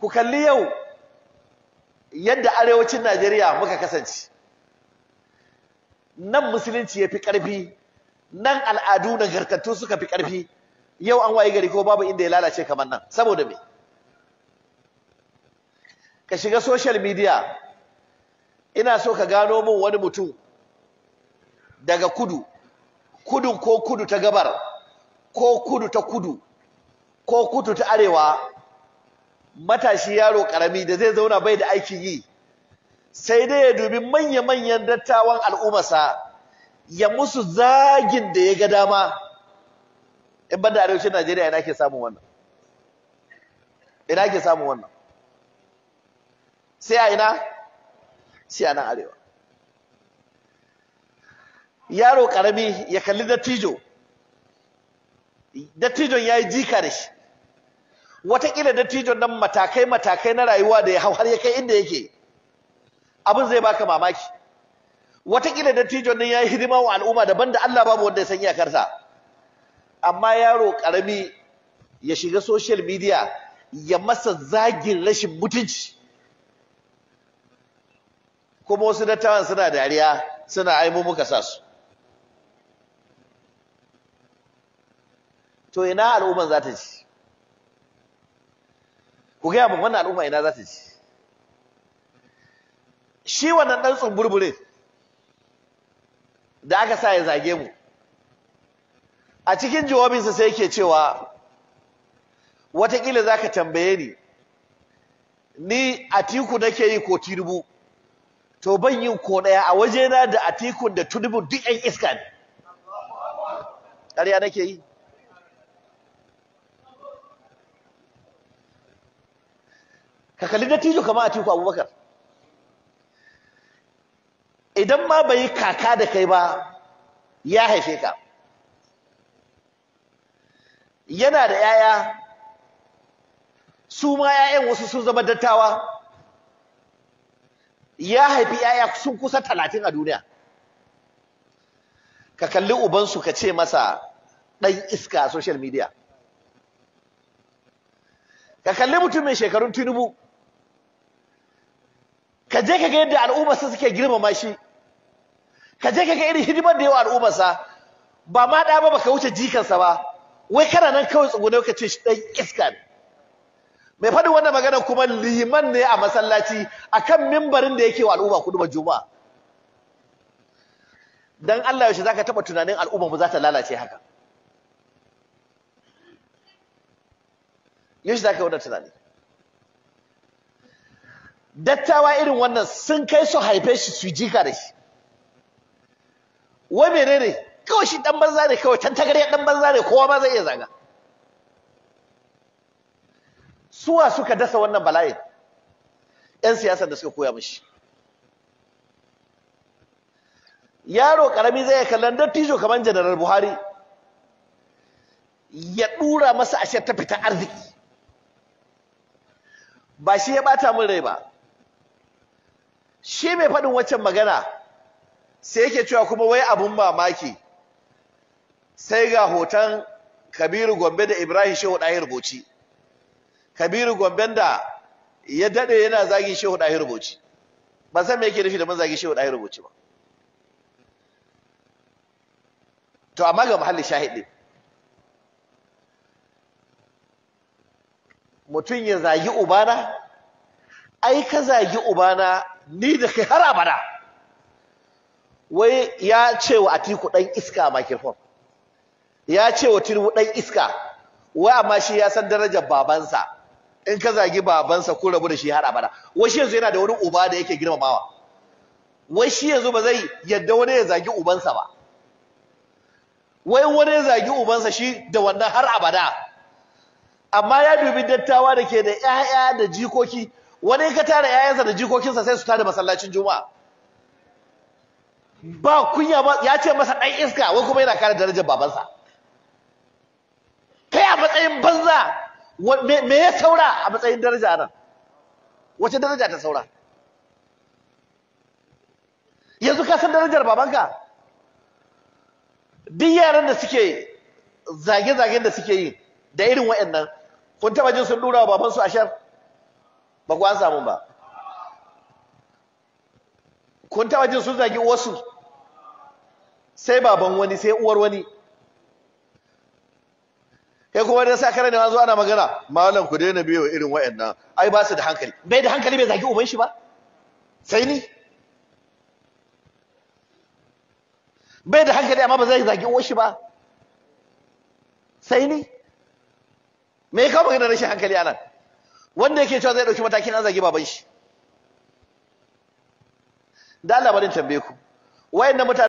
ku kalli yau yadda arewacin Najeriya muka kasance nan musulunci ya fi ƙarfi nan al'adu na nagartattu suka fi ƙarfi yau an waye gari ko babu inda ya lalace kamar nan saboda me ka shiga social media ina so ka gano min wani mutum daga kudu kudun ko kudu ta gabar ko kudu ta kudu ko kudu ta arewa matashi yaro karami da zai zauna bai da aikin yi sai dai ya dubi manya-manyan dattawan al'ummarsa ya musu zagin da ya ga dama in banda arewacin Najeriya ina ke samun wannan ina ke samun wannan sai a ina sai a nan arewa yaro karami ya kalli dattijo dattijon ya yi jika da shi watakila dattijon nan matakai matakai na rayuwa da ya hau har ya kai inda yake abin zai baka mamaki watakila dattijon nan ya yi hidima wa al'umma daban da Allah babu wanda ya san iyakarsa amma yaro karami ya shiga social media ya masa zagin rashin mutunci kuma wasu dattawan suna dariya suna aimu muka sa su to ina al'umman za ta ci ku gaya min wannan al'umma ina za ta ci. shi wannan ɗan tsumburbure da aka sa ya zage mu a cikin jawabinsa sai yake cewa watakila za ka tambaye ni ni atiku nake yi ko tinubu to ban yin ko ɗaya a waje na da atikun da tudubu duk 'yan iska ne ƙarya nake yi ka kalli dattijo kamar Atiku Abubakar idan ma bai kaka da kai ba ya haife ka yana da yaya su ma yayan wasu sun zama dattawa ya haifi yaya sun kusa talatin a duniya ka kalli ubansu ka ce masa ɗan iska a social media ka kalli mutum mai shekarun tunubu ka je ka ga yadda al'ummarsa suke girmama shi ka je ka ga irin hidimar da yawa al'ummarsa ba ma ɗa ba ka wuce jikansa ba wai kana nan kawai tsugune ka ce shi ɗan iska ne mai faɗin wannan magana kuma liman ne a masallaci akan mimbarin da yake wa al'umma kudu juma'a dan Allah yaushe zaka taba tunanin al'umma mu za ta lalace haka yaushe zaka wannan tunani dattawa irin wannan sun kai su haife shi su jika da shi wai menene kawai shi dan banza ne kawai tantagarya dan banza ne kowa ma zai iya zaga suwa suka dasa wannan bala'in yan siyasa da suka koya mishi yaro karami zai kallon dattijo kamar janar buhari ya dura masa ashe ta fita arziki ba shi ya bata min rai ba shi mai faɗin waccan magana sai yake cewa kuma wai abun mamaki sai ga hoton kabiru gombe da ibrahim shehu ɗahir boci kabiru gombe da ya daɗe yana zagin shehu ɗahir boci ba san me yake nufi da mun zagi shehu ɗahir boci ba to amma ga muhalli shahidi mutum ya zagi ubana ai ka zagi ubana ni da kai har abada wai ya ce wa atiku dan iska a makirfon ya ce wa tinubu dan iska wai amma shi ya san darajar babansa in ka zagi babansa ko rabu da shi har abada wai shi yanzu yana da wani uba da yake girmamawa wai shi yanzu ba zai yadda wani ya zagi ubansa ba wai wani ya zagi ubansa shi da wannan har abada amma ya dubi dattawa da ke da 'ya'ya da jikoki wani ka tara yayansa da jikokinsa sai su tara masallacin juma'a ba kunya ba ya ce masa ɗan iska wai kuma yana kare darajar babansa kai a matsayin banza me ya saura a matsayin daraja nan wace daraja ta saura yanzu ka san darajar babanka duk yaran da suke zage-zagen da suke yi da irin wa'annan kun taba jin sun dura wa babansu ashar ba ku an samu ba kun taba jin sun zagi wasu sai baban wani sai uwar wani kai kuma dan sa kare ne zo ana magana malam ku daina biyo irin wayannan ai ba su da hankali bai da hankali bai zagi uban shi ba sai ni bai da hankali amma ba zai zagi uwar shi ba sai ni me ka kawo magana rashin hankali anan wanda yake cewa zai dauki matakin an zagi baban shi da labarin tambaye ku wayannan mutane